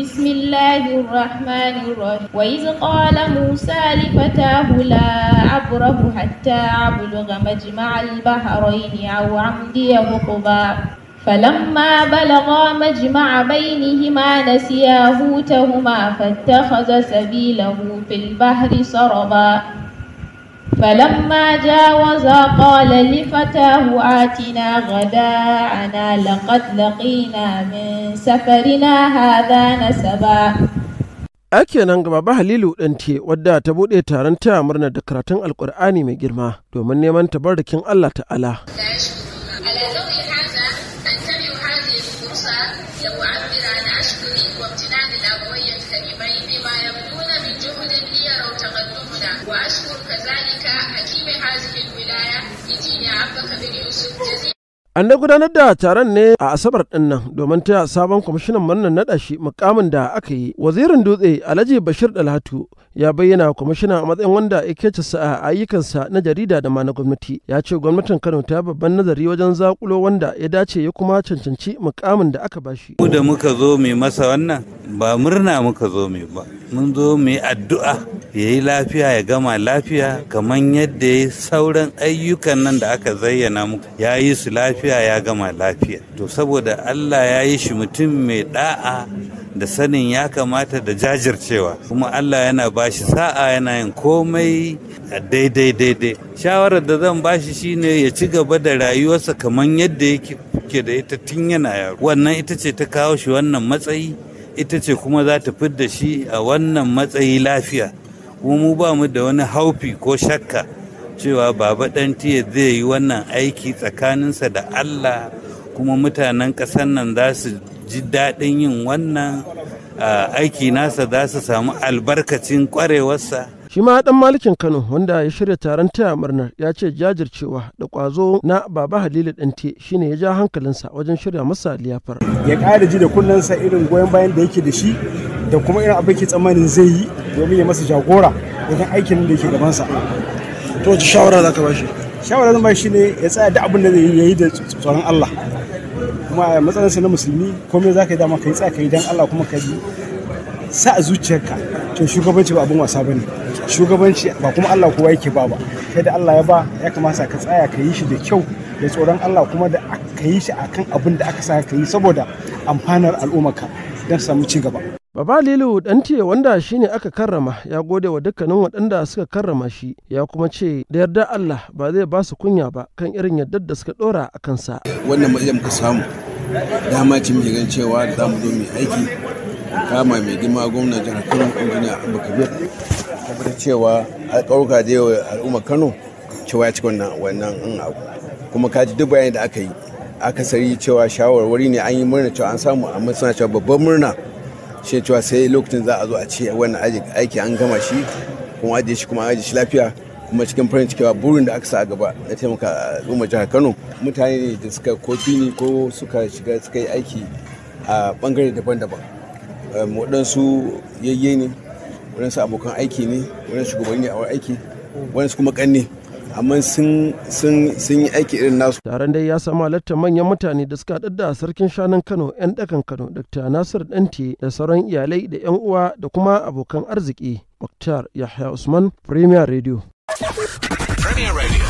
بسم الله الرحمن الرحيم وإذ قال موسى لفتاه لا أبره حتى أبلغ مجمع البحرين أو عمدي مقبا فلما بلغا مجمع بينهما نسيا هوتهما فاتخذ سبيله في البحر سربا فلما جاوزا قال لفتاه آتنا غداءنا لقد لقينا من سفرنا هذا نسبا ake nan gaba ba halilu ɗante wadda ta buɗe taron taya murna da karatun alkur'ani mai girma domin neman tabarrakin allah ta'ala يعبر عن عشق وامتنان الأبوين الكريمين An da gudanar da taron ne a Asabar ɗin domin taya sabon kwamishinan murnar naɗa shi mukamin da aka yi. Wazirin dutse Alhaji Bashir Dalhatu ya bayyana kwamishina a matsayin wanda ya cisa a ayyukansa na jarida da ma na gwamnati. Ya ce gwamnatin Kano ta babban nazari wajen zakulo wanda ya dace ya kuma cancanci mukamin da aka bashi. Mu da muka zo mai masa wannan ba murna muka zo mai ba. Mun zo mai addu'a ya yi lafiya ya gama lafiya kamar yadda ya sauran ayyukan nan da aka zayyana muku ya yi su lafiya ya gama lafiya to saboda allah ya yi shi mutum mai da'a da sanin ya kamata da jajircewa kuma allah yana ba sa'a yana yin komai a daidai daidai shawarar da zan bashi shi shine ya ci gaba da rayuwarsa kamar yadda yake ke da ita tun yana yaro wannan ita ce ta kawo shi wannan matsayi ita ce kuma za ta fidda shi a wannan matsayi lafiya kuma mu ba mu da wani haufi ko shakka cewa baba ɗan tiye zai yi wannan aiki tsakaninsa da allah kuma mutanen ƙasar nan za su ji daɗin yin wannan aiki nasa za su samu albarkacin ƙwarewarsa shi ma dan malikin kano wanda ya shirya taron taya murnar ya ce jajircewa da ƙwazo na baba halilu dante shine ya ja hankalinsa wajen shirya masa liyafar ya ƙara ji da kunnensa irin goyon bayan da yake da shi da kuma irin abin ke tsammanin zai yi domin ya masa jagora wajen aikin da yake gabansa to ji shawara za ka ba shawara zan ba ne ya tsaya da abin da zai yi da tsoron Allah kuma a matsayinsa na musulmi komai za ka yi dama ka yi tsaya ka yi dan Allah kuma ka yi sa a zuciyarka to shugabanci ba abin wasa bane shugabanci ba kuma Allah kowa yake ba ba kai da Allah ya ba ya kamata ka tsaya ka yi shi da kyau da tsoron Allah kuma da ka yi shi akan abin da aka sa ka yi saboda amfanar al'ummarka don samu ci gaba Baba Lilu Dantiye wanda shi ne aka karrama ya gode wa dukkanin waɗanda suka karrama shi ya kuma ce da yarda Allah ba zai ba su kunya ba kan irin yadda da suka ɗora a kansa. Wannan matsayin muka samu dama ce muke gan cewa da zamu zo mai aiki kama mai girma gwamnan jihar Kano injiniya Abba Kabir tabbatar cewa alƙawarka da yawa al'ummar Kano cewa ya ci wannan wannan abu kuma kaji duk bayanin da aka yi akasari cewa shawarwari ne an yi murna cewa an samu amma suna cewa babban murna shi cewa sai lokacin za a zo a ce wannan aiki an gama shi kuma ajiye shi kuma ajiye shi lafiya kuma cikin farin cikewa burin da aka sa a gaba na taimaka a al'umma jihar kano mutane ne da suka kofi ni ko suka shiga suka yi aiki a bangare daban-daban ehm, waɗansu yayye ne waɗansu abokan aiki ne waɗansu shugabanni a aiki waɗansu kuma ƙanne amma sun yi aiki irin nasu. Taron dai ya samu halartar manyan mutane da suka haɗar a sarkin shanun Kano 'yan ɗakan Kano Dr. Nasir Danti da sauran iyalai da 'yan uwa da kuma abokan arziki. Muktar Yahya Usman Premier Radio. Premier Radio.